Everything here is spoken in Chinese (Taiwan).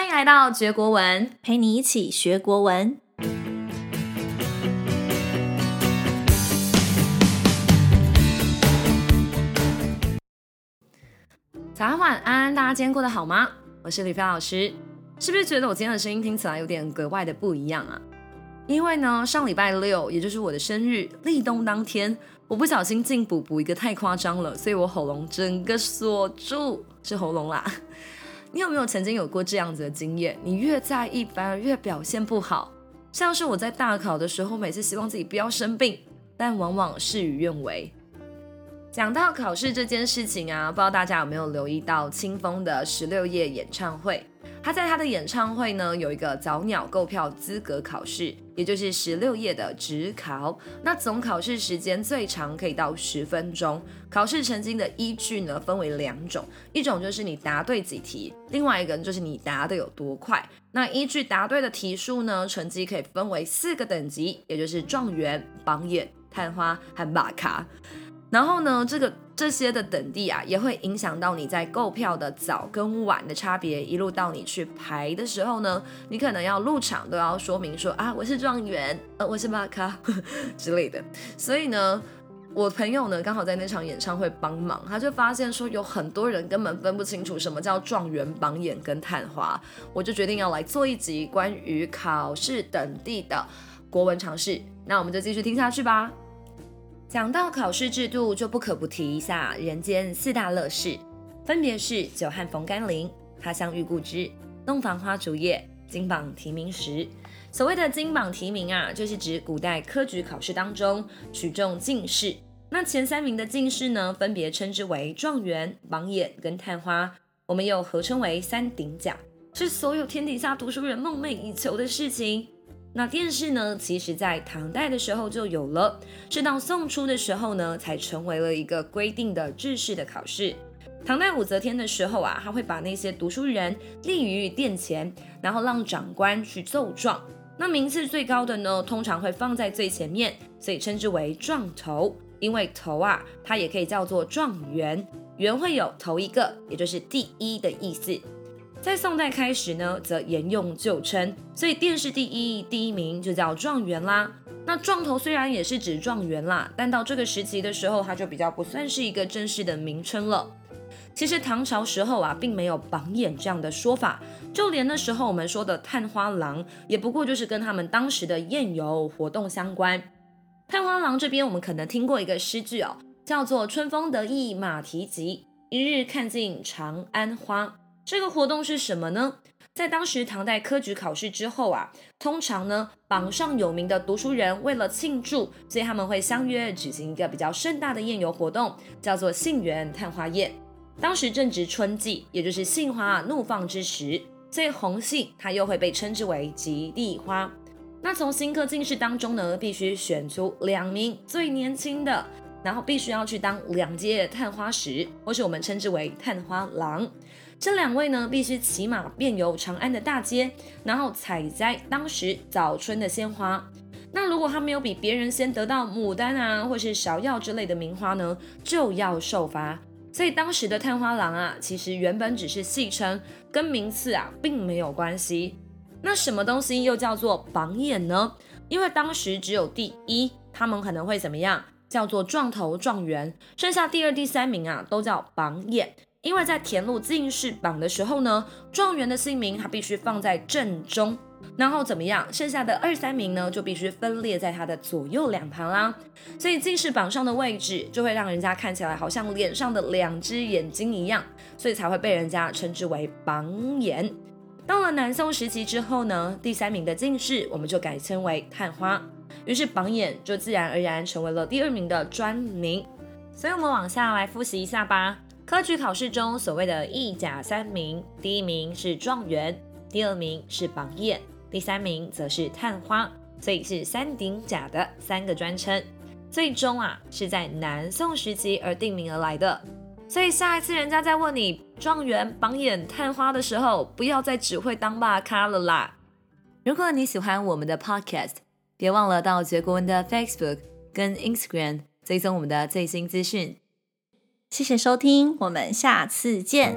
歡迎來到學國文，陪你一起學國文。早安晚安，大家今天過得好嗎？我是李飛老師，是不是覺得我今天的聲音聽起來有點格外的不一樣啊？因為呢，上禮拜六，也就是我的生日，立冬當天，我不小心進補補一個太誇張了，所以我喉嚨整個鎖住，是喉嚨啦。你有沒有曾經有過這樣子的經驗？你越在意反而越表現不好。像是我在大考的時候，每次希望自己不要生病，但往往事與願違。講到考試這件事情啊，不知道大家有沒有留意到青峰的十六葉演唱會？他在他的演唱會呢，有一個早鳥購票資格考試，也就是十六頁的紙考。那總考試時間最長可以到十分鐘。考試成績的依據呢，分為兩種，一種就是你答對幾題，另外一個就是你答的有多快。那依據答對的題數呢，成績可以分為四個等級，也就是狀元、榜眼、探花和馬卡。然後呢，這個這些的等第啊，也會影響到你在購票的早跟晚的差別，一路到你去排的時候呢，你可能要入場都要說明說啊，我是狀元，呃，我是馬卡之類的。所以呢，我朋友呢剛好在那場演唱會幫忙，他就發現說有很多人根本分不清楚什麼叫狀元、榜眼跟探花。我就決定要來做一集關於考試等第的國文常識。那我們就繼續聽下去吧。講到考試制度，就不可不提一下人間四大樂事，分別是久旱逢甘霖、他鄉遇故知、洞房花燭夜、金榜題名時。所謂的金榜題名啊，就是指古代科舉考試當中取中進士。那前三名的進士呢，分別稱之為狀元、榜眼跟探花，我們又合稱為三鼎甲，是所有天底下讀書人夢寐以求的事情。那殿試呢，其實，在唐代的時候就有了，是到宋初的時候呢，才成為了一個規定的制式的考試。唐代武則天的時候啊，她會把那些讀書人立於殿前，然後讓長官去奏狀。那名次最高的呢，通常會放在最前面，所以稱之為狀頭。因為頭啊，它也可以叫做狀元，元會有頭一個，也就是第一的意思。在宋代開始呢，則沿用舊稱，所以殿試第一第一名就叫狀元啦。那狀頭雖然也是指狀元啦，但到這個時期的時候，它就比較不算是一個正式的名稱了。其實唐朝時候啊，並沒有榜眼這樣的說法，就連那時候我們說的探花郎，也不過就是跟他們當時的宴遊活動相關。探花郎這邊，我們可能聽過一個詩句哦，叫做春風得意馬蹄疾，一日看盡長安花。這個活動是什麼呢？在當時唐代科舉考試之後啊，通常呢，榜上有名的讀書人為了慶祝，所以他們會相約舉行一個比較盛大的宴遊活動，叫做杏園探花宴。當時正值春季，也就是杏花怒放之時，所以紅杏它又會被稱之為及第花。那從新科進士當中呢，必須選出兩名最年輕的，然後必須要去當兩屆探花使，或是我們稱之為探花郎。這兩位呢，必須騎馬遍遊長安的大街，然後採摘當時早春的鮮花。那如果他沒有比別人先得到牡丹啊，或是芍藥之類的名花呢，就要受罰。所以當時的探花郎啊，其實原本只是戲稱，跟名次啊並沒有關係。那什麼東西又叫做榜眼呢？因為當時只有第一，他們可能會怎麼樣？叫做狀頭狀元，剩下第二、第三名啊，都叫榜眼。因為在填入進士榜的時候呢，狀元的姓名他必須放在正中，然後怎麼樣？剩下的二三名呢，就必須分列在他的左右兩旁啦。所以進士榜上的位置就會讓人家看起來好像臉上的兩隻眼睛一樣，所以才會被人家稱之為榜眼。到了南宋時期之後呢，第三名的進士我們就改稱為探花，於是榜眼就自然而然成為了第二名的專名。所以，我們往下來複習一下吧。科舉考試中，所謂的一甲三名，第一名是狀元，第二名是榜眼，第三名則是探花，所以是三鼎甲的三個專稱。最終啊，是在南宋時期而定名而來的。所以下一次人家再問你狀元、榜眼、探花的時候，不要再只會當爸咖了啦！如果你喜歡我們的 Podcast，別忘了到學國文的 Facebook 跟 Instagram 追蹤我們的最新資訊。謝謝收聽，我們下次見。